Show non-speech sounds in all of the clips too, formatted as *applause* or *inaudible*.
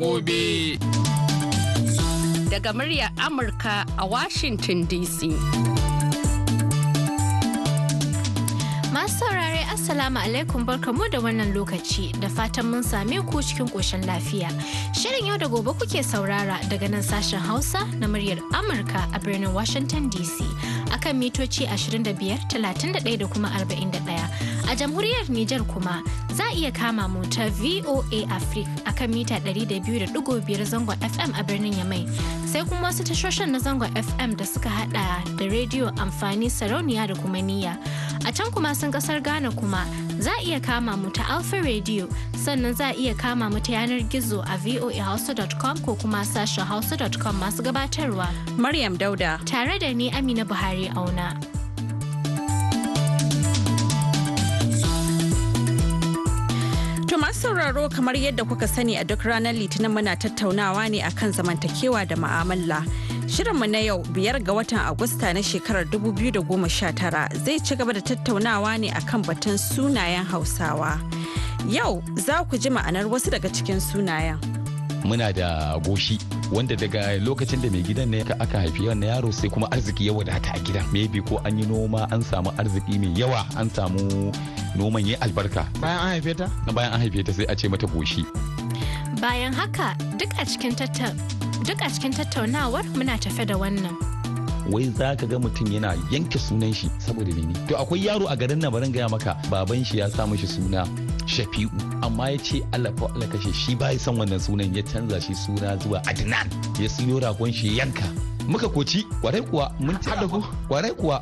gobe. Daga muryar Amurka a Washington DC. Masu saurare Assalamu alaikum barkamu da wannan lokaci da fatan mun same ku cikin koshin lafiya. Shirin yau da gobe kuke saurara daga nan sashen Hausa na muryar Amurka a birnin Washington DC akan mitoci 25, 31 da kuma 41. A jamhuriyar Nijar kuma za a iya kama mu ta VOA Africa a kan mita 200.5 zangon FM a birnin Yamai. Sai kuma wasu tashoshin na zangon FM da suka hada da rediyo amfani sarauniya da kuma niyya. A can kuma sun kasar Ghana kuma za a iya kama mu ta Alpha Radio sannan za a iya kama mu ta yanar gizo a voahausa.com ko kuma sashen hausa.com masu gabatarwa. Maryam Dauda. Tare da ni Amina Buhari auna. Masu sauraro kamar yadda kuka sani a duk ranar Litinin muna tattaunawa ne akan zamantakewa da ma'amala. Shirinmu na yau biyar ga watan Agusta na shekarar 2019 zai ci gaba da tattaunawa ne akan batun sunayen Hausawa. Yau za ku ji ma'anar wasu daga cikin sunayen. Muna da goshi wanda daga lokacin da mai gidan ne aka haifi wannan yaro sai kuma arziki ya wadata a gidan. Maybe ko an yi noma an samu arziki mai yawa an samu noman ya albarka bayan an haife ta bayan an haife ta sai a ce mata goshi bayan haka duk a cikin duk a cikin tattaunawar muna tafe da wannan wai za ka ga mutum yana yanke sunan shi saboda mene to akwai yaro a garin nan barin gaya maka baban shi ya sa mishi suna shafi'u amma ya ce alafa kashe shi ba san wannan sunan ya canza shi suna zuwa adnan ya siyo ragon shi yanka muka koci kwarai kuwa mun ci kwarai kuwa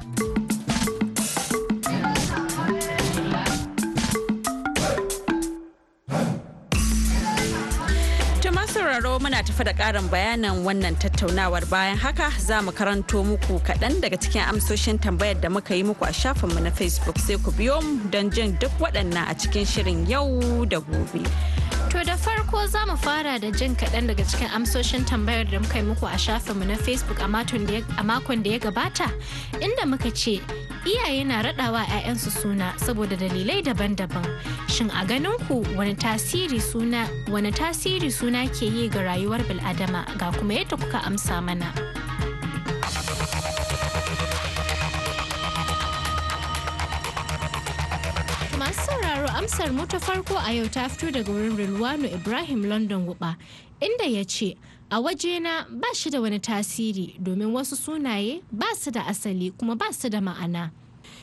tafa da ƙarin bayanan wannan tattaunawar bayan haka za mu karanto muku kaɗan daga cikin amsoshin tambayar da muka yi muku a shafinmu na facebook sai ku biyo mu don jin duk waɗannan a cikin shirin yau da gobe. To da farko za mu fara da jin kaɗan daga cikin amsoshin tambayar da muka yi muku a shafinmu na Facebook a makon da ya gabata inda muka ce iyaye na raɗawa 'ya'yansu suna saboda dalilai daban-daban. Shin a ganin ku wani wani tasiri suna ke yi ga rayuwar bil'adama ga kuma yadda kuka amsa mana. sauraro amsar mu ta farko a yau ta fito daga wurin Rilwano Ibrahim London Guba inda ya ce a na ba shi da wani tasiri domin wasu sunaye ba su da asali kuma ba su da ma'ana.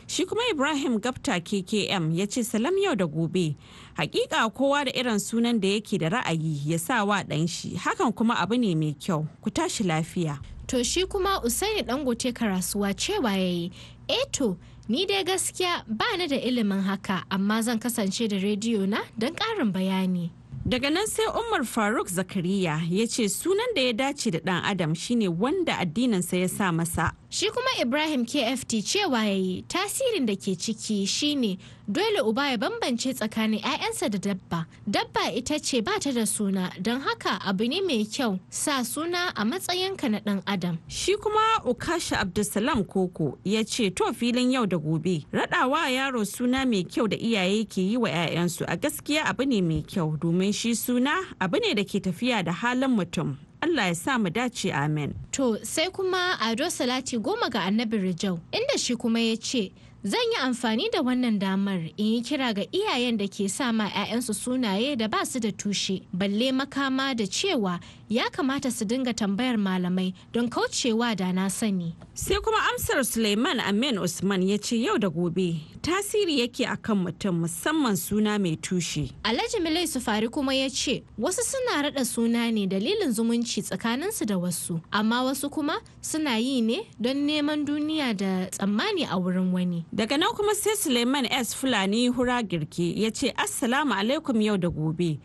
Shi kuma Ibrahim Gapta KKM ya ce salam yau da gobe. Hakika kowa da irin sunan da yake da ra'ayi ya sa wa ɗan shi hakan kuma abu ne mai kyau ku tashi lafiya. To shi kuma Usaini Dangote karasuwa cewa yayi eto eh Ni dai gaskiya ba ni da ilimin haka amma zan kasance da rediyo na don ƙarin bayani. Daga nan sai Umar Faruk Zakariya ya ce sunan da ya dace da ɗan Adam shine wanda addininsa ya sa masa. Shi kuma Ibrahim KFT cewa yayi, tasirin da ke ciki shine dole uba ya bambance tsakanin 'ya'yansa da dabba dabba ita ce ba ta da suna don haka abu ne mai kyau sa suna a matsayinka na ɗan adam shi kuma ukasha abdulsalam koko ya ce to filin yau da gobe raɗawa yaro suna mai kyau da iyaye ke yi wa 'ya'yansu a gaskiya abu ne mai kyau domin shi suna abu ne da ke tafiya da halin mutum Allah ya sa mu dace amen. To sai kuma Ado Salati goma ga annabi Rijau inda shi kuma ya ce Zan yi amfani da wannan damar in yi kira ga iyayen da ke sama 'ya'yansu sunaye da ba su da tushe, balle makama da cewa ya kamata su dinga tambayar malamai don kaucewa da na sani. Sai kuma amsar Suleiman Amin Usman ya ce yau da gobe tasiri yake akan mutum musamman suna mai tushe. Alhaji Milai fari kuma ya ce wasu suna rada suna ne dalilin zumunci tsakaninsu da wasu amma wasu kuma suna yi ne don neman duniya da tsammani a wurin wani. Daga nan kuma sai Suleiman S Fulani Hura Girke ya ce Assalamu alaikum yau da gobe.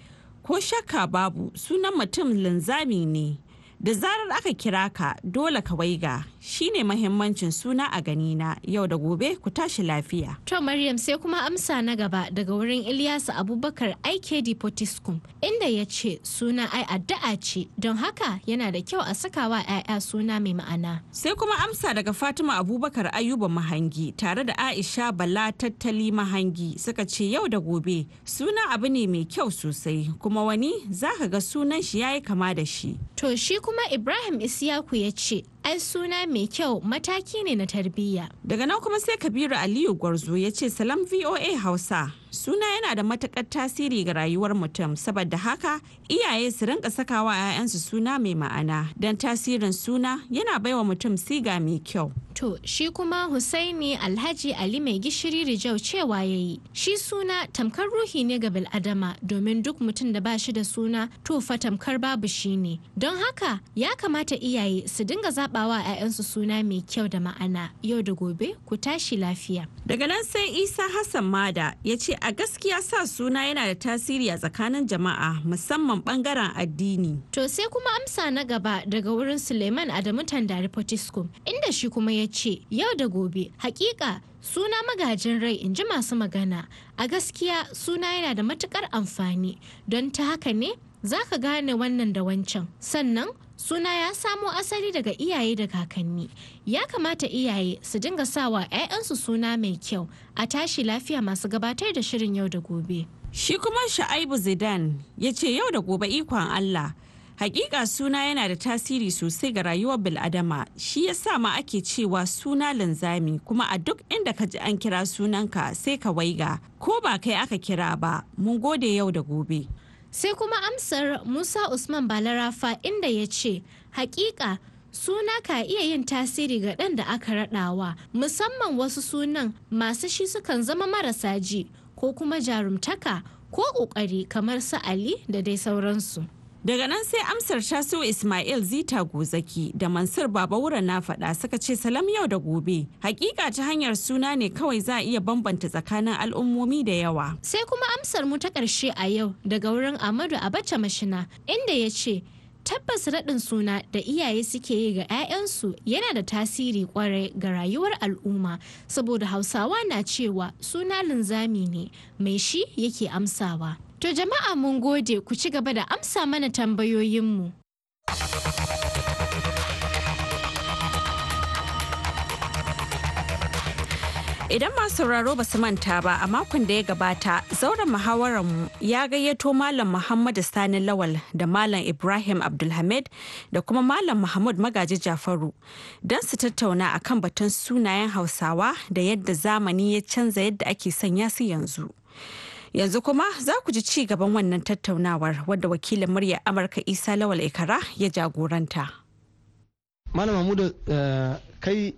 ko shakka babu sunan mutum linzami ne da zarar aka kira ka dole ka waiga shine mahimmancin suna a ganina yau da gobe ku tashi lafiya. To Maryam sai kuma amsa na gaba daga wurin Ilyasu Abubakar IKD Potiskum inda ya ce suna ai addu'a ce don haka yana da kyau a sakawa 'ya'ya suna mai ma'ana. Sai kuma amsa daga Fatima Abubakar Ayuba Mahangi tare da Aisha Bala Tattali Mahangi suka ce yau da gobe suna abu ne mai kyau sosai kuma wani za ka ga sunan shi ya yi kama da shi. To shi kuma Ibrahim Isiyaku ya ce ai suna mai kyau mataki ne na tarbiyya. Daga nan kuma sai Kabiru Aliyu Gwarzo ya ce salam VOA Hausa. suna yana da matakar tasiri ga rayuwar mutum saboda haka iyaye su rinka sakawa 'ya'yansu suna mai ma'ana don tasirin suna yana baiwa mutum siga mai kyau to shi kuma husaini alhaji ali mai gishiri rijau cewa ya yi shi suna tamkar ruhi ne ga bil'adama domin duk mutum da ba shi da suna to fa tamkar babu shi ne don haka ya kamata iyaye su dinga zabawa 'ya'yansu suna mai kyau da ma'ana yau da gobe ku tashi lafiya daga nan sai isa hassan mada ya ce a gaskiya sa suna yana da tasiri a tsakanin jama'a musamman bangaren addini. To sai kuma amsa na gaba daga wurin Suleiman Adamu Tandari Potiskum inda shi kuma ya ce yau da gobe hakika suna magajin rai in ji masu magana a gaskiya suna yana da matukar amfani don ta haka ne za ka gane wannan da wancan sannan suna ya samo asali daga iyaye da kakanni ya kamata iyaye su dinga sawa 'ya'yansu suna mai kyau a tashi lafiya masu gabatar da shirin yau da gobe shi kuma sha'aibu zidan ya ce yau da gobe ikon allah hakika suna yana da tasiri sosai ga rayuwar bil'adama shi ya sa ma ake cewa suna linzami kuma a duk inda ka ji an kira sunanka sai ka waiga ko ba kai aka kira ba mun gode yau da gobe sai kuma amsar musa usman balarafa inda ya ce hakika suna ka iya yin tasiri ga ɗan da aka raɗawa musamman wasu sunan masu shi sukan zama marasa ji ko kuma jarumtaka ko ƙoƙari kamar su ali da dai sauransu daga nan sai amsar taso ismail zita gozaki da mansur baba wura na faɗa suka ce salam yau da gobe hakika ta hanyar suna ne kawai za a iya bambanta tsakanin al'ummomi da yawa sai kuma amsar mu ta ƙarshe a yau daga wurin amadu abacha mashina inda ya ce tabbas raɗin suna da iyaye suke yi ga 'ya'yansu yana da tasiri ƙwarai ga rayuwar al'umma saboda hausawa na cewa suna linzami ne mai shi yake amsawa To jama'a mun gode ku ci gaba da amsa mana tambayoyinmu. Idan masu sauraro ba su manta ba a makon da ya gabata zauren muhawararmu ya gayyato Malam Muhammadu Sani Lawal da Malam Ibrahim Abdulhamid da kuma Malam Muhammad Magaji Jafaru don su tattauna a kan batun sunayen Hausawa da yadda zamani ya canza yadda ake sanya su yanzu. Yanzu kuma za ku ji ci gaban wannan tattaunawar wadda wakilin murya Amurka Isa Lawal Ikara ya jagoranta. Malam Mahmudu eh, kai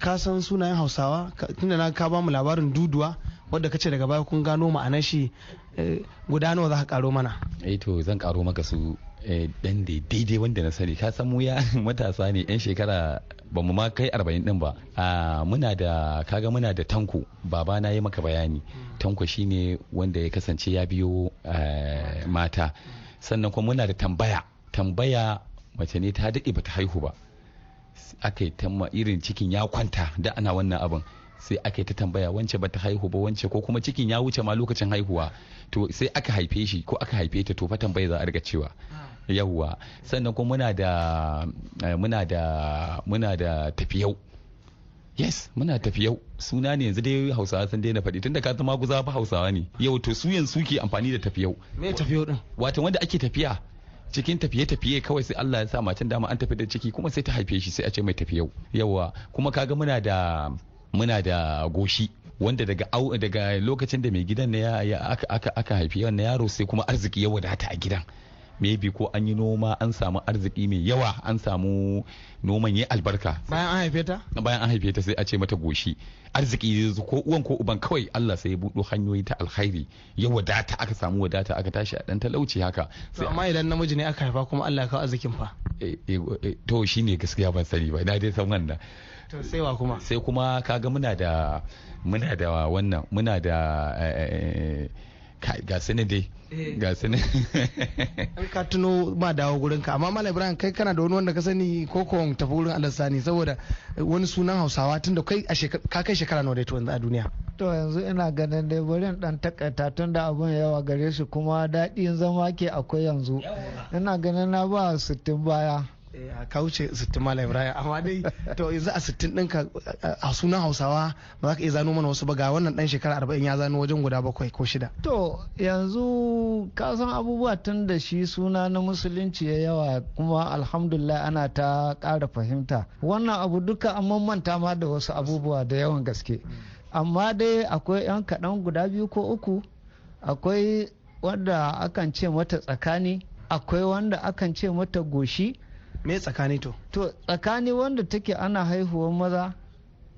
ka san sunayen Hausawa tunda na ka ba mu labarin duduwa wadda kace daga baya kun gano ma'anar shi eh, guda za ka karo mana. Eh to zan karo maka su Eh, dan da daidai wanda na sani ka mu ya *laughs* matasa ne yan shekara ba mu ma kai arba'in din ba muna da kaga muna da tanko baba na yi maka bayani tanko shine wanda ya kasance ya biyo eh, mata sannan kuma muna da tambaya tambaya mace ne ta daɗe bata haihu ba aka yi irin cikin ya kwanta da ana wannan abin sai aka yi ta tambaya wance bata haihu ba wance ko kuma cikin ya wuce ma lokacin haihuwa to sai aka haife shi ko aka haife ta to fa tambaya za a riga cewa ah. yawwa sannan kuma muna da eh, muna da muna da tafiyau yes muna tafiyau suna ne yanzu dai hausawa sun daina faɗi tunda ka zama guza fa hausawa ne yau to su yanzu ke amfani da tafiyau me tafiyau din wato wanda ake tafiya cikin tafiye-tafiye kawai sai Allah ya sa macen dama an tafi da ciki kuma sai ta haife shi sai a ce mai tafiyau Yawwa kuma kaga muna da muna da goshi wanda daga daga lokacin da mai gidan ne ya aka aka haifi wannan yaro sai kuma arziki ya wadata a gidan maybe ko an yi noma an samu arziki mai yawa an samu noman yi albarka bayan an haife ta bayan an haife ta sai a ce mata goshi arziki ko uwan ko uban kawai Allah sai ya buɗo hanyoyi ta alkhairi ya wadata aka samu wadata aka tashi a dan talauci haka amma idan namiji ne aka haifa kuma Allah ya kawo arzikin fa Eh, eh, eh, to shine gaskiya ban sani ba na dai san wannan to sai wa kuma sai kuma kaga muna da muna da wannan muna da ga su ne dai eh. ga su ne an ka tuno ba dawo gurin ka amma malam ibrahim kai kana da wani wanda ka sani ko ko tafi wurin alasani saboda wani sunan hausawa tun da kai ka kai shekara nawa da to yanzu a duniya to yanzu ina ganin dai bari dan takaita tun da abun yawa gare shi kuma daɗin zama ke akwai yanzu ina ganin na ba sittin baya Eh, a kauce sittin mala ibrahim amma dai to yanzu a sittin dinka a sunan hausawa ba za ka iya zano mana wasu ba ga wannan dan shekara arba'in ya zano wajen guda bakwai ko shida to yanzu ka san abubuwa tun da shi suna na musulunci ya yawa kuma alhamdulillah ana ta ƙara fahimta wannan abu duka an manta ma da wasu abubuwa da yawan gaske amma dai akwai 'yan kaɗan guda biyu ko uku akwai wanda akan ce mata tsakani akwai wanda akan ce mata goshi me tsakani to to tsakani wanda take ana haihuwar maza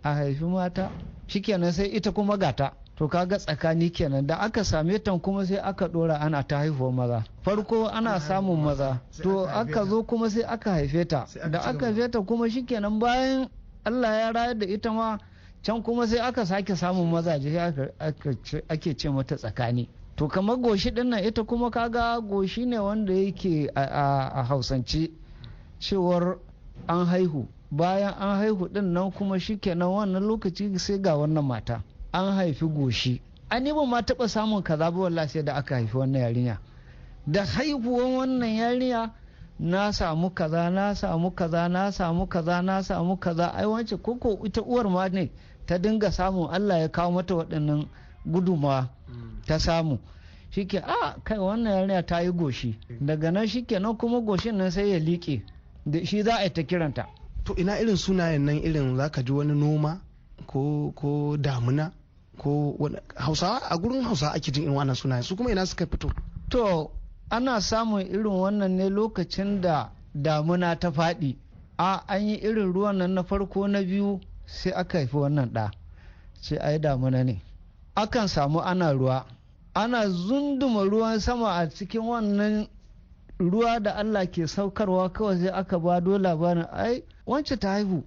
a haifi mata shikenan sai ita kuma gata to kaga tsakani kenan da aka same ta kuma sai aka dora ana ta haihuwar maza farko ana samun maza to aka zo kuma sai aka haife ta da aka haife ta kuma shikenan bayan Allah ya rayar da ita ma can kuma sai aka sake samun mazaje ake ce mata tsakani to kamar goshi dinnan ita kuma kaga goshi ne wanda yake a hausance cewar an haihu bayan an haihu din nan kuma shikenan wannan lokaci sai ga wannan mata an haifi goshi an yi ma taɓa samun kaza ba wallahi sai da aka haifi wannan yarinya da haihuwan wannan yarinya na samu kaza na samu kaza na samu kaza na samu kaza ai wance koko ita uwar ma ne ta dinga samun Allah ya kawo mata waɗannan guduma ta samu shike a ah, kai wannan yarinya ta yi goshi daga nan shike nan kuma goshin nan sai ya liƙe da shi za a yi ta kiranta to ina irin sunayen nan irin za ka ji wani noma ko damuna ko hausawa a gurin hausawa ake jin irin wannan sunayen su kuma ina suka fito to ana samun irin wannan ne lokacin da damuna ta faɗi a an yi irin ruwan nan na farko na biyu sai aka haifi wannan ɗa ce ai damuna ne akan samu ana ruwa ana zunduma ruwan sama a cikin wannan ruwa da Allah ke saukarwa kawai sai aka ba do labarin ai wance ta haihu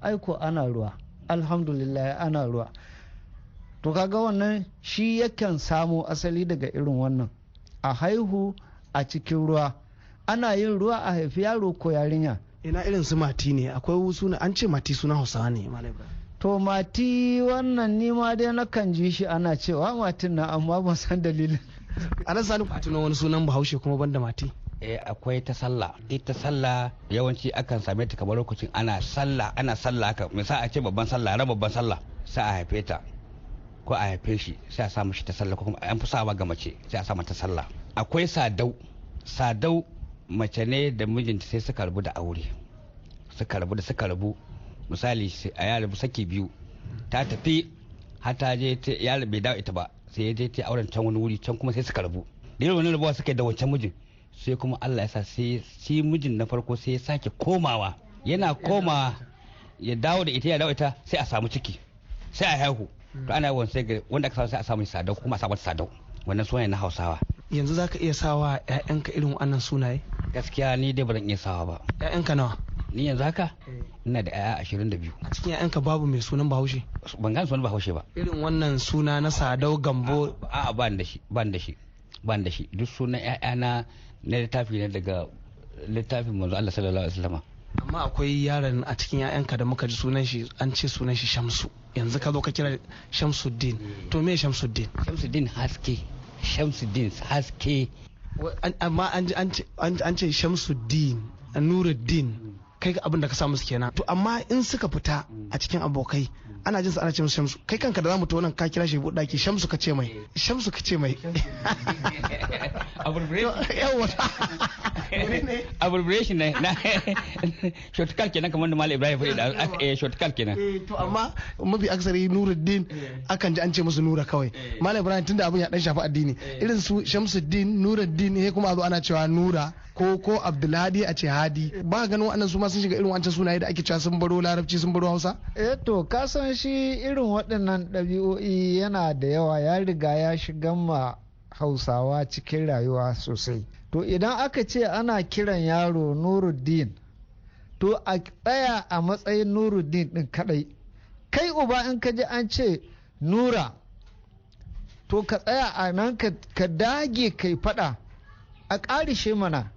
ai ko ana ruwa alhamdulillah ana ruwa to kaga wannan shi yakan samo asali daga irin wannan a haihu a cikin ruwa ana yin ruwa a haifi yaro ko yarinya ina irin su mati ne akwai wasu an ce mati suna hausawa ne to mati wannan nima dai na kan ji shi ana cewa matin na amma ban san dalilin nan *laughs* sani ku tuno wani sunan bahaushe kuma banda mati eh akwai ta sallah ita sallah yawanci akan same ta kamar lokacin ana sallah ana sallah me sa a ce babban sallah ra babban sallah sai a haife ta ko a haife shi sai a sa mishi ta sallah ko kuma an fi sawa ga mace sai a sa mata sallah akwai sadau sadau mace ne da mijinta sai suka rabu da aure suka rabu da suka rabu misali a ya saki biyu ta tafi har ta je ya bai dawo ita ba sai ya je ta auren can wani wuri can kuma sai suka rabu da irin wani rabuwa suka yi da wancan mijin sai kuma Allah ya sa sai shi mijin na farko sai ya sake komawa yana koma ya dawo da ita ya dawo ita sai a samu ciki sai a haihu to ana yawan sai wanda aka samu sai a samu sadau kuma a samu sadau wannan sunaye na Hausawa yanzu zaka iya sawa ƴaƴanka irin wannan sunaye gaskiya ni dai ba zan iya sawa ba ƴaƴanka nawa ni yanzu haka eh. ina da yaya ashirin da biyu a cikin yayanka babu mai sunan bahaushe ban gani sunan bahaushe ba irin wannan suna na sadau gambo a'a ban da shi ban da shi ban da shi duk sunan yayana na littafi ne daga littafin manzo Allah sallallahu alaihi wasallam amma akwai yaron a cikin 'ya'yanka da muka ji sunan shi an ce sunan shi shamsu yanzu ka zo ka kira shamsuddin eh. to me shamsuddin shamsuddin haske shamsuddin haske amma an ce shamsuddin nuruddin kai abin da ka samu musu kenan to amma in suka fita a cikin abokai ana jin su ana ce musu shamsu kai kanka da zamu tonan ka kira shi daki shamsu ka ce mai shamsu ka ce mai abbreviation ne na shortcut kenan kamar da malam ibrahim faɗi da eh shortcut kenan eh, to amma mafi aksari nuruddin eh. akan ji an ce musu nura kawai eh. malam ibrahim tunda abin ya dan shafi addini irin su shamsuddin nuruddin he kuma a zo ana cewa nura ko ko abdulhadi a ce hadi ba ganin waɗannan su ma sun shiga irin wancan sunaye da ake cewa sun baro larabci sun baro hausa eh to ka san shi irin waɗannan ɗabi'o'i yana da yawa ya riga ya shiga ma hausawa cikin rayuwa sosai to idan aka ce ana kiran yaro nuruddin to a tsaya a matsayin nuruddin din kadai kai uba in ka ji an ce nura to ka tsaya a nan ka dage kai fada a ƙarishe mana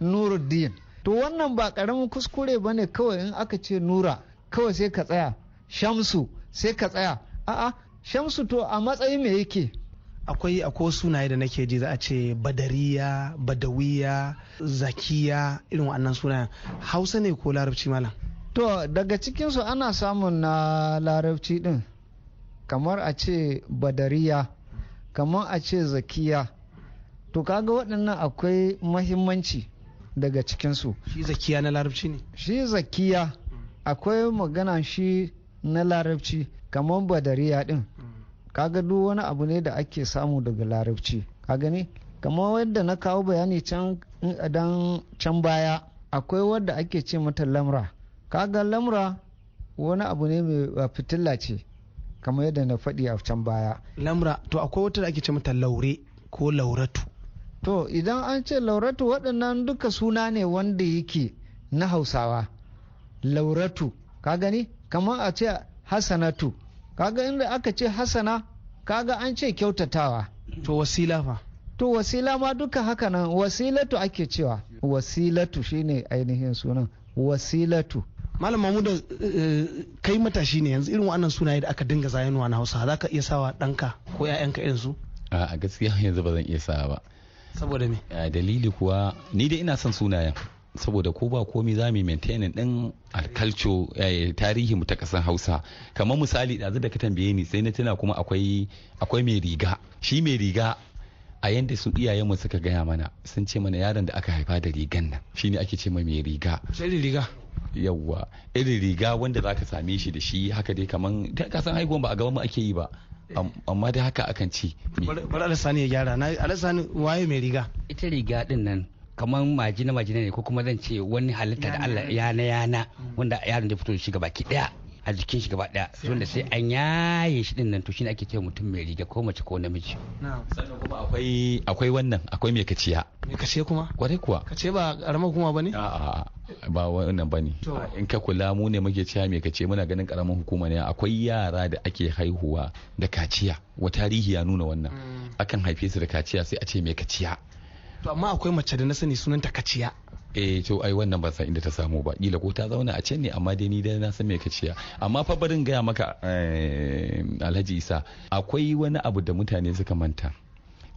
nuruddin to wannan ba ƙaramin kuskure ba ne kawai in aka ce nura kawai sai ka tsaya shamsu sai ka tsaya a'a shamsu to a matsayi me yake akwai akwai sunaye da nake ji za a ce badariya badawiya zakiya irin wannan sunayen hausa ne ko larabci malam to daga cikinsu ana samun na larabci din kamar a ce badariya kamar a ce zakiya to kaga waɗannan akwai mahimmanci daga cikinsu shi zakiya na larabci ne shi zakiya akwai magana shi na larabci kamar badariya din kaga duk wani abu ne da ake samu daga larabci ka gani kamar wadda na kawo bayani can dan can baya akwai wadda ake ce mata lamra kaga lamra wani abu ne mai fitilla ce kamar yadda na faɗi a can baya lamra to akwai wata da ake ce mata laure ko lauratu to idan an ce lauratu waɗannan duka suna ne wanda yake na hausawa lauratu ka gani kamar a ce hasanatu kaga inda aka ce hasana kaga an ce kyautatawa to wasila fa to wasila ma duka haka nan wasilatu ake cewa wasilatu shine ainihin sunan wasilatu malam mamuda da eh, kai matashi ne yanzu irin wannan sunaye da aka dinga zayenwa na hausa za ka iya sawa ɗanka ko 'ya'yanka irin su a gaskiya yanzu ba zan iya sawa ba saboda me dalili kuwa ni dai ina son sunayen saboda ko ba komi za mu maintainin din alkalco eh, tarihi mu ta kasan hausa kamar misali ɗazu da ka tambaye ni sai na tuna kuma akwai akwai mai riga shi mai riga a yanda su mu suka gaya mana sun ce mana yaron da aka haifa da rigan nan shine ake ce mai riga shirin riga yawwa irin riga wanda zaka same shi da shi haka dai kaman ta kasan haihuwan ba a gaban mu ake yi ba amma dai haka akan ci bari alasani ya gyara na alasani waye mai riga ita riga din nan kamar majina majina ne ko kuma zan ce wani halitta da Allah yana yana mm. wanda yaron da fito shi gaba ki daya a jikin shi gaba daya da sai an yaye shi din nan to shine ake cewa mutum mai riga ko mace ko namiji sannan kuma akwai akwai wannan akwai mai kaciya mai kaciya kuma kwarai kuwa kace ba karamar kuma bane a ba wannan bane in ka kula mu ne muke cewa mai kaciya muna ganin karamar hukuma ne akwai yara da ake haihuwa da kaciya wa tarihi ya nuna wannan mm. akan haife su da kaciya sai a ce mai kaciya to amma akwai mace da na sani sunanta kaciya eh to ai wannan ban san inda ta samu ba kila ko ta zauna a can ne amma dai ni dai na san me ka ciya amma fa barin gaya maka eh, Alhaji Isa akwai wani abu da mutane suka manta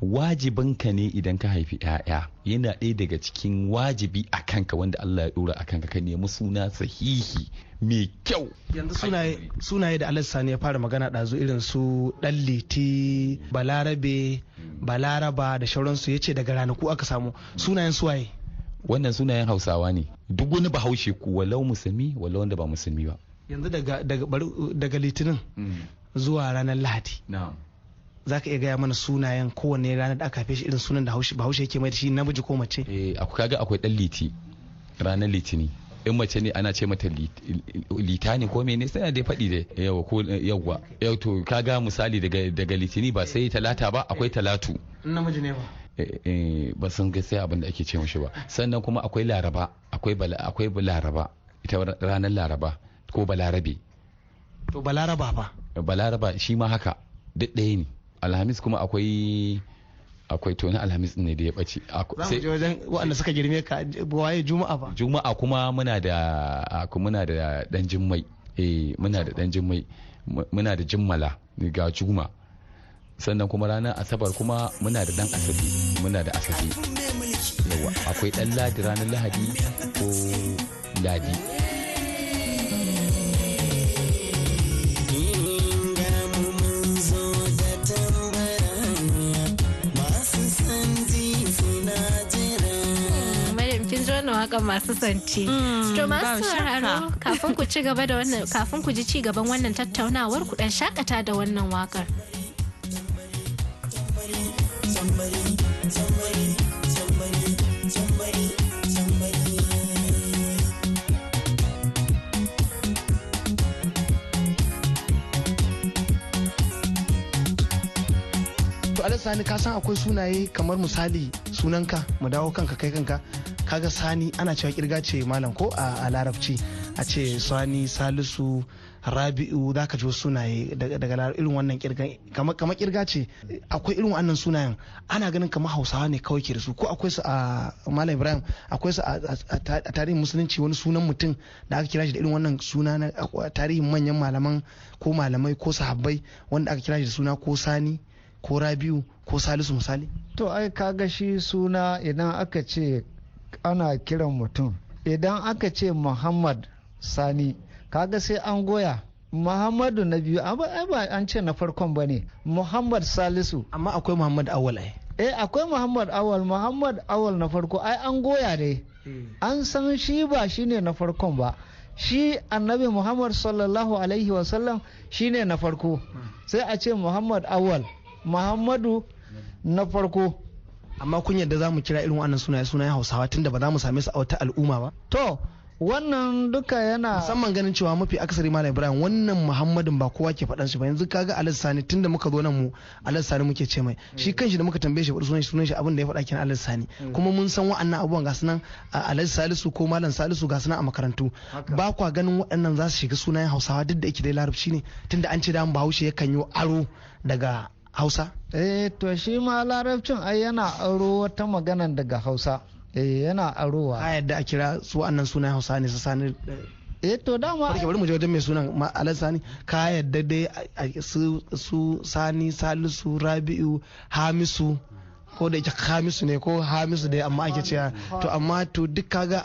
wajibin ka ne idan ka haifi 'ya'ya yana ɗaya daga cikin wajibi a kanka wanda Allah ya ɗora a kanka ka nemi suna sahihi mai kyau yanzu sunaye da alassa ne ya fara magana ɗazu irin su ɗan balarabe balaraba da shauransu ya ce daga ranaku aka samu sunayen suwaye wannan sunayen hausawa ne duk wani bahaushe ku walau musulmi walau wanda ba musulmi ba yanzu daga litinin mm. zuwa ranar lahadi za ka iya gaya mana sunayen kowane ranar da aka shi irin sunan da bahaushe yake mai da shi namiji ko mace eh kaga akwai dan liti ranar litini in mace ne ana ce mata litani ko mene sai dai faɗi da yawa ko yawa yau to kaga misali daga litini ba sai talata ba akwai talatu namiji ne ba ba sun ga sai abin da ake ce mashi ba sannan kuma akwai laraba akwai akwai laraba ita ranar laraba ko balarabe to balaraba ba balaraba shi ma haka duk ɗaya ne alhamis kuma akwai akwai to na alhamis ne da ya bace sai wajen waɗanda suka girme ka waye juma'a ba juma'a kuma muna da muna da dan Jummai eh muna da dan Jummai muna da jimmala ga juma sannan kuma ranar asabar kuma muna da dan asabi muna da asabi yawa akwai dan ladi ranar lahadi ko ladi masu santi. Hmm, to masu sauraro kafin ku ci gaba da wannan kafin ku ji ci gaban wannan tattaunawar ku dan shakata da wannan wakar. sani ka san akwai sunaye kamar misali sunanka mu dawo kanka kai kanka kaga sani ana cewa kirga ce malam ko a larabci a ce sani salisu rabi'u za ka ji sunaye daga irin wannan kirga kama kirga ce akwai irin wannan sunayen ana ganin kamar hausawa ne kawai ke da su ko akwai su a malam ibrahim akwai su a tarihin musulunci wani sunan mutum da aka kira shi da irin wannan suna na tarihin manyan malaman ko malamai ko sahabbai wanda aka kira shi da suna ko sani ko rabiu ko salisu misali to ai kaga shi suna idan aka ce ana kiran mutum idan aka ce muhammad sani kaga sai an goya muhammadu na biyu ba an ce na farkon ba ne muhammad salisu amma akwai muhammad awal ai eh akwai muhammad awal muhammad awal na farko ai an goya ne hmm. an san shi ba shine na farkon ba shi annabi muhammad sallallahu alaihi wasallam shine na farko hmm. sai a ce muhammad awal muhammadu na farko amma kun yadda za mu kira irin wannan sunaye sunayen hausawa tunda ba za mu same su a wata al'umma ba to wannan duka yana musamman ganin cewa mafi akasari malam ibrahim wannan Muhammadun ba kowa ke faɗan shi ba yanzu kaga Alhaji sani tunda muka zo nan mu Alhaji sani muke ce mai shi mm. kanshi da muka tambaye shi sunan shi sunan shi abin da ya faɗa kenan Alhaji sani mm. kuma mun san wa'annan abubuwan ga sunan Alhaji salisu ko malam salisu ga sunan a makarantu ba kwa ganin waɗannan za su shiga sunayen hausawa duk da yake dai larabci ne tunda an ce da bahaushe yakan yi aro daga hausa eh to shi ma larabcin ai yana aro wata magana daga hausa eh yana arowa a yadda a kira su annan sunan hausa ne su sani eh, eh to dama barke bari mu je wajen mai sunan alan sani ka yadda dai su sani salisu rabi'u hamisu ko da ita hamisu ne ko hamisu dai amma ake cewa to amma to duk kaga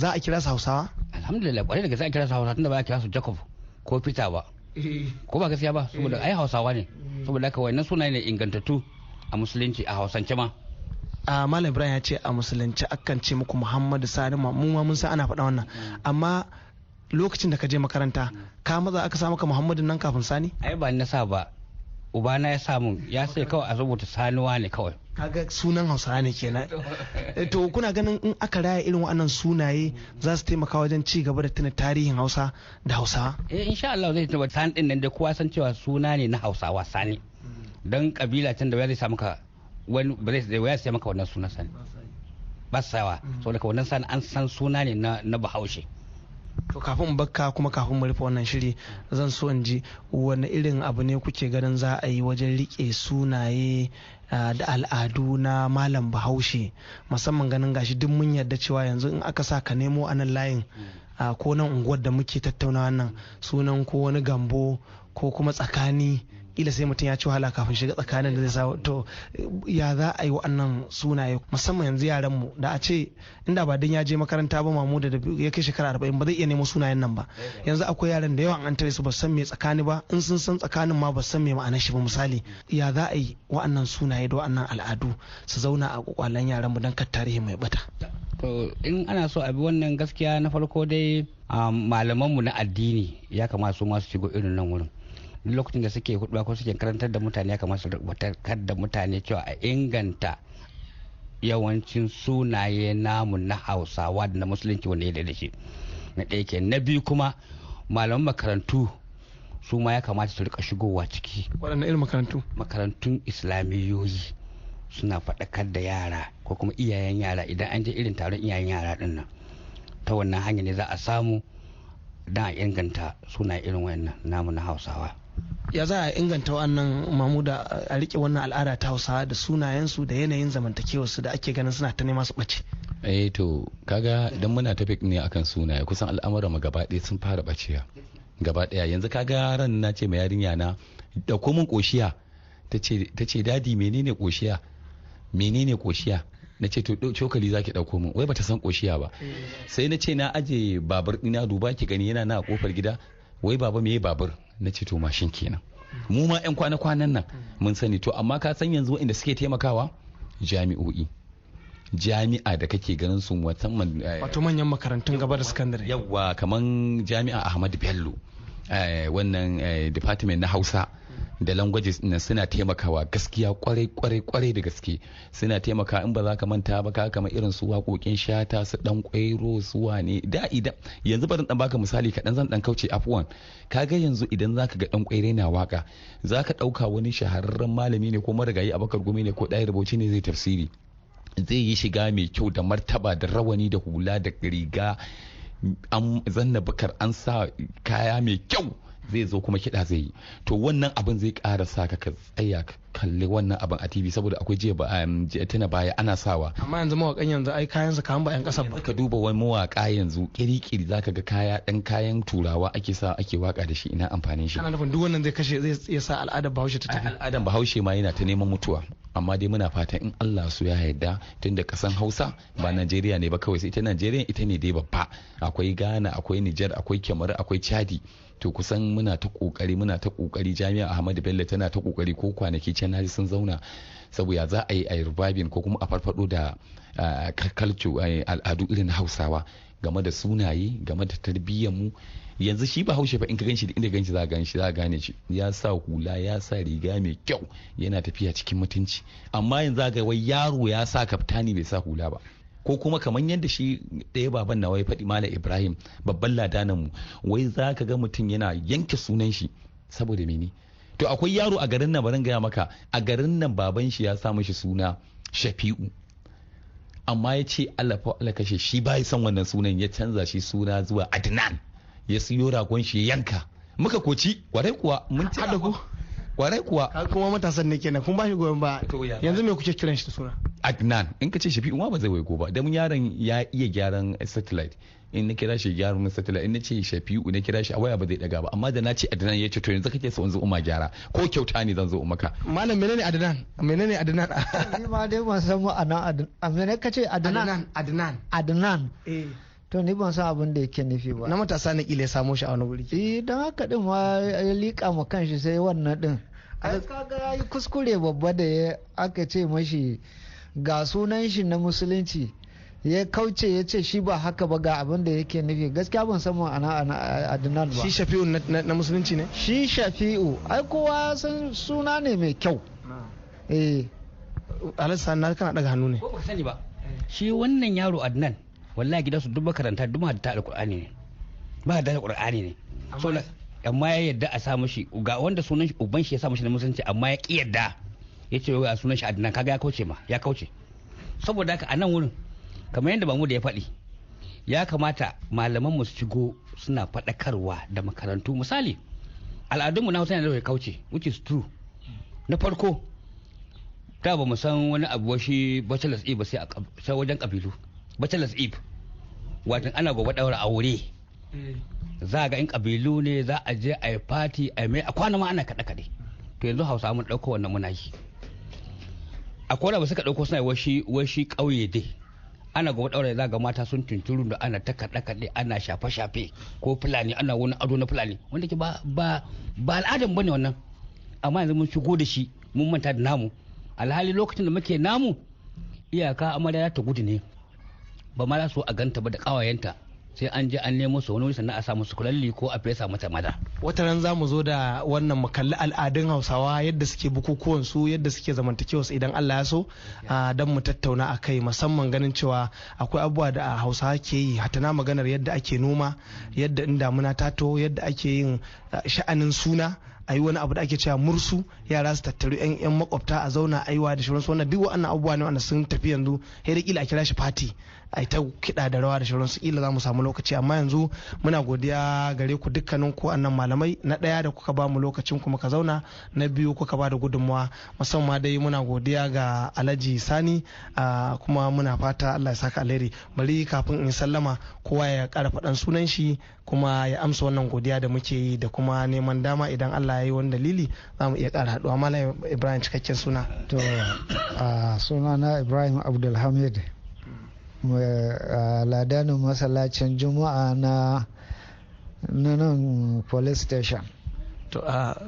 za a kira su hausawa alhamdulillah kwarai daga za a kira su Hausa tunda ba a kira su jacob ko peter ba Eh. ko ba gaskiya ba saboda eh. ai hausawa ne eh. saboda haka wannan suna ne ingantattu a musulunci a hausance ma a malam ibrahim ya ce a musulunci akan ce muku muhammadu sani mu ma mun san ana faɗa wannan hmm. amma lokacin da ka je makaranta hmm. ka maza aka samu ka muhammadu nan kafin sani ai ba na sa ba ubana ya samu ya sai kawai a rubuta sanuwa ne kawai kaga sunan hausawa ne kenan eh, to kuna ganin in aka raya irin waɗannan sunaye za su taimaka wajen ci gaba da tuna tarihin hausa da hausawa eh insha Allah zai tabbata san din nan da kowa san cewa suna ne na hausawa sani dan kabila can da zai samu ka wani ba zai ya sai maka wannan sunan sani ba sawa mm. saboda wannan sani an san suna ne na bahaushe to kafin bakka kuma kafin mu rufe wannan shiri zan so in ji wani irin abu ne kuke ganin za a yi wajen rike sunaye da al'adu na malam bahaushe musamman ganin gashi duk mun yarda cewa yanzu in aka sa ka nemo anan layin ko nan unguwar da muke tattauna nan sunan ko wani gambo ko kuma tsakani kila sai mutum ya ci wahala kafin shiga tsakanin da zai sa to ya za a yi wa'annan sunaye musamman yanzu yaran mu da a ce inda ba dan ya je makaranta ba mamu da ya kai shekara arba'in ba zai iya nemo sunayen nan ba yanzu akwai yaran da yawan an tare su ba san me tsakani ba in sun san tsakanin ma ba san me ma'anar shi ba misali ya za a yi wa'annan sunaye da wa'annan al'adu su zauna a kwakwalen yaran mu dan kar tarihi mai bata to in ana so a bi wannan gaskiya na farko dai ah, mu na addini ya kamata su masu shigo irin nan wurin lokacin da suke hudu ko suke karantar da mutane kamar su rubutar da mutane cewa a inganta yawancin sunaye namu na hausawa da na musulunci wanda ya da shi na ɗaya ke na biyu kuma malaman makarantu su ma ya kamata su rika shigowa ciki waɗannan irin makarantu makarantun islamiyoyi suna faɗakar da yara ko kuma iyayen yara idan an je irin taron iyayen yara ɗin nan ta wannan hanya ne za a samu don a inganta suna irin wannan namu na hausawa ya za a inganta wannan mamuda a rike wannan al'ada ta hausa da sunayensu da yanayin zamantakewarsu da ake ganin suna ta nema su ɓace eh to kaga idan muna tafiya ne akan sunaye kusan al'amuran mu gaba ɗaya sun fara bacewa gaba ɗaya yanzu kaga ran na ce ma yarinya na da komin koshiya ta ce dadi menene koshiya menene koshiya na ce to cokali zaki dauko min wai bata san koshiya ba eh. sai na ce na aje babur dina duba ki gani yana na kofar gida wai baba me babur na ce to mashin kenan mu ma yan kwana kwanan nan mun sani to amma ka san yanzu inda suke taimakawa jami'o'i jami'a da kake ganin su wata. Eh, wato manyan makarantun gaba da sakandare yawa kaman jami'a Ahmadu Bello Eh, wannan eh, department na hausa da languages na suna taimakawa gaskiya kwarai kwarai kwarai da gaske suna taimaka in ba za ka manta ba ka kama irin su waƙoƙin shata su dan kwairo su wane da idan yanzu bari dan baka misali kaɗan zan dan kauce ka ga yanzu idan zaka ga dan kwairo na waka zaka ɗauka wani shahararren malami ne ko marigayi abakar gumi ne ko dai rubuci ne zai tafsiri zai yi shiga mai kyau da martaba da rawani da hula da riga an zanna bakar an sa kaya mai kyau zai zo kuma kiɗa zai yi to wannan abin zai ƙara sa ka tsaya kalli wannan abin a tv saboda akwai jiya ba um, tana baya ana sawa amma yanzu mawaƙan yanzu ai kayan su kaman ba yan ba ka duba wani mawaƙa yanzu kirikiri zaka ga kaya ɗan kayan turawa ake sa ake waka da shi ina amfanin shi ana nufin duk wannan zai kashe zai sa al'adar bahaushe ta tafi al'adar bahaushe ma yana ta neman mutuwa amma dai muna fatan in Allah su ya yarda tun da kasan Hausa ba Najeriya ne ba kawai sai ita Najeriya ita ne dai babba akwai Ghana akwai Niger akwai Kemaru akwai Chadi to kusan muna ta kokari muna ta kokari jami'a ahmadu bello tana ta kokari ko kwanaki can na sun zauna saboda za a yi a rubabin ko kuma a farfado da kalcu al'adu irin hausawa game da sunaye game da tarbiyyar mu yanzu shi ba haushe fa in ka ganshi da inda ganshi za ganshi za gane shi ya sa hula ya sa riga mai kyau yana tafiya cikin mutunci amma yanzu ga wai yaro ya sa kaftani bai sa hula ba ko kuma kamar yadda shi ɗaya baban na wai faɗi malam ibrahim babban ladanan mu wai za ka ga mutum yana yanke sunan shi saboda mene to akwai yaro a garin nan barin gaya maka a garin nan baban shi ya sa mishi suna shafi'u amma ya ce alafa alakashe shi bai son wannan sunan ya canza shi suna zuwa adnan ya siyo ragon shi ya yanka muka koci kwarai kuwa mun ci kwarai kuwa ka kuma matasan ne kenan kun bashi goyon ba yanzu me kuke kiran shi da suna Adnan in ka ce Shafi'u ma ba zai waigo ba dan yaron ya iya gyaran satellite in na kira shi gyaran satellite in na ce Shafi'u na kira shi a waya ba zai daga ba amma da na ce Adnan ya ce to yanzu kake so in zo umma gyara ko kyauta ne zan zo umma ka malam menene Adnan menene Adnan ni ma dai ban san ma'ana Adnan me ne kace Adnan Adnan Adnan eh to ni ban san abin da yake nufi ba na matasa na kila ya samo shi a wani wuri eh don haka din ma ya liƙa ma kanshi sai wannan din ai kaga yi kuskure babba da ya aka ce mashi ga sunan shi na musulunci ya kauce ya ce shi ba haka ba ga abin da yake nufi gaskiya ban san ana adnan ba shi shafi'u na musulunci ne shi shafi'u ai kowa san suna ne mai kyau eh alhassan na kana daga hannu ne ko ba sani ba shi wannan yaro adnan wallahi gidansu duk makaranta duk ma da alkur'ani ne ba da alkur'ani ne amma ya yadda a sa mishi ga wanda sunan shi uban shi ya sa mishi na musulunci amma ya ki yadda ya ce a sunan shi adnan kaga ya kauce ma ya kauce saboda haka anan nan wurin kamar yadda bamu da ya faɗi ya kamata malaman mu su shigo suna faɗakarwa da makarantu misali al'adunmu na hausa ne da ya kauce which is true na farko da ba mu san wani abu shi bachelors ba sai a wajen kabilu bachelor's eve watan ana gobe daura aure za ga in kabilu ne za a je a yi fati a mai a kwana ma ana kaɗe kaɗe to yanzu hausa mun ɗauko wannan muna yi a kwana ba suka ɗauko suna washi washi kauye dai ana gobe daura za ga mata sun tunturu da ana ta kaɗe kaɗe ana shafe shafe ko fulani ana wani ado na fulani wanda ke ba ba ba al'adan bane wannan amma yanzu mun shigo da shi mun manta da namu alhali lokacin da muke namu iyaka amarya ta gudu ne ba ma su a ganta ba da kawayenta sai an je an nemo su wani wani sannan a samu su kulalli ko a fesa mata mada. Wata ran za mu zo da wannan mu kalli al'adun Hausawa yadda suke bukukuwan su yadda suke zamantakewa su idan Allah ya so dan mu tattauna a kai musamman ganin cewa akwai abubuwa da Hausawa ke yi hatana maganar yadda ake noma yadda in damuna ta to yadda ake yin sha'anin suna a yi wani abu da ake cewa mursu yara su tattaru yan yan makwabta a zauna a yiwa da shirin su wannan duk wa'annan abubuwa ne wanda sun tafi yanzu sai kila a kira shi fati a ta kiɗa da rawa da shauransu ila za mu samu lokaci amma yanzu muna godiya gare ku dukkanin ku annan malamai na ɗaya da kuka ba mu lokacin kuma ka zauna na biyu kuka ba da gudunmawa musamman dai muna godiya ga alhaji sani kuma muna fata allah ya saka alheri bari kafin in sallama kowa ya ƙara faɗan sunan shi kuma ya amsa wannan godiya da muke yi da kuma neman dama idan allah ya yi wani dalili za mu iya ƙara haɗuwa malam ibrahim cikakken suna to sunana ibrahim abdulhamid ladanin masallacin juma'a na nan police station to a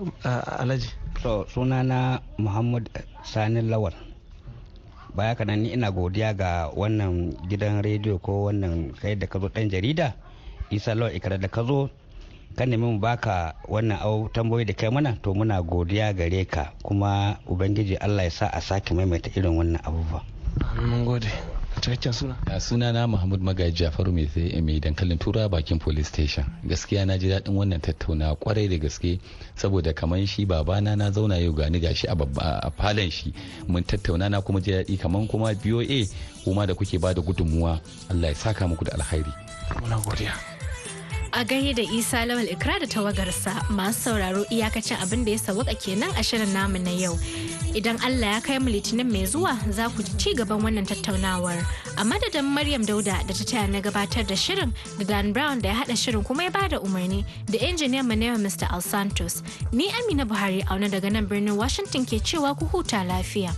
to suna na muhammad sani lawal baya kanan ni ina godiya ga wannan gidan rediyo ko wannan kai da ka zo dan jarida isa lawal ikara da ka zo kan nemi mu baka wannan au tamboyi da kai mana to muna godiya gare ka kuma ubangiji allah ya sa a sake maimaita irin wannan abubuwa cikakken suna a suna na muhammad magaji jafaru mai sai eh, mai dankalin tura bakin police station gaskiya na ji daɗin wannan tattauna kwarai da gaske saboda kamar shi babana na zauna yau gani shi a falon shi mun tattauna na kuma ji daɗi kamar kuma boa kuma da kuke ba da gudunmuwa allah ya saka muku da alkhairi a gaye da isa lawal ikra da tawagarsa masu sauraro iyakacin abin da ya sawaka kenan a shirin namu na yau idan allah ya kai mu litinin mai zuwa za ku ci gaban wannan tattaunawar a madadin maryam dauda da ta taya na gabatar da shirin da dan brown da ya hada shirin kuma ya bada umarni da injiniyan mu na mr al santos ni amina buhari auna daga nan birnin washington ke cewa ku huta lafiya.